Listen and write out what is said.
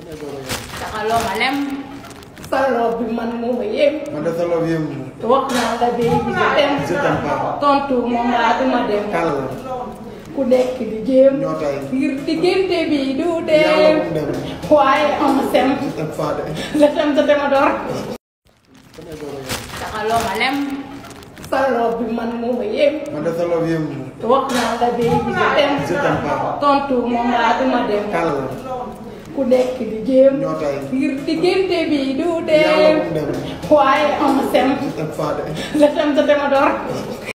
sax loo ma lem. sa loob bi man moo ma yéem. man de sa wax naa la de je t'aime tontu moom laa duma dem. kàll ku nekk di jéem. ñoo tay ngir diggante du dem. waaye am sem. la sem sa dema door. sax loo ma lem. sa bi man moo ma wax naa la de je t'aime tontu moom laa duma dem. ku nekk di jéem. ñoo tay ngir diggante bi du dem. waaye am sem. la tam sa dema door.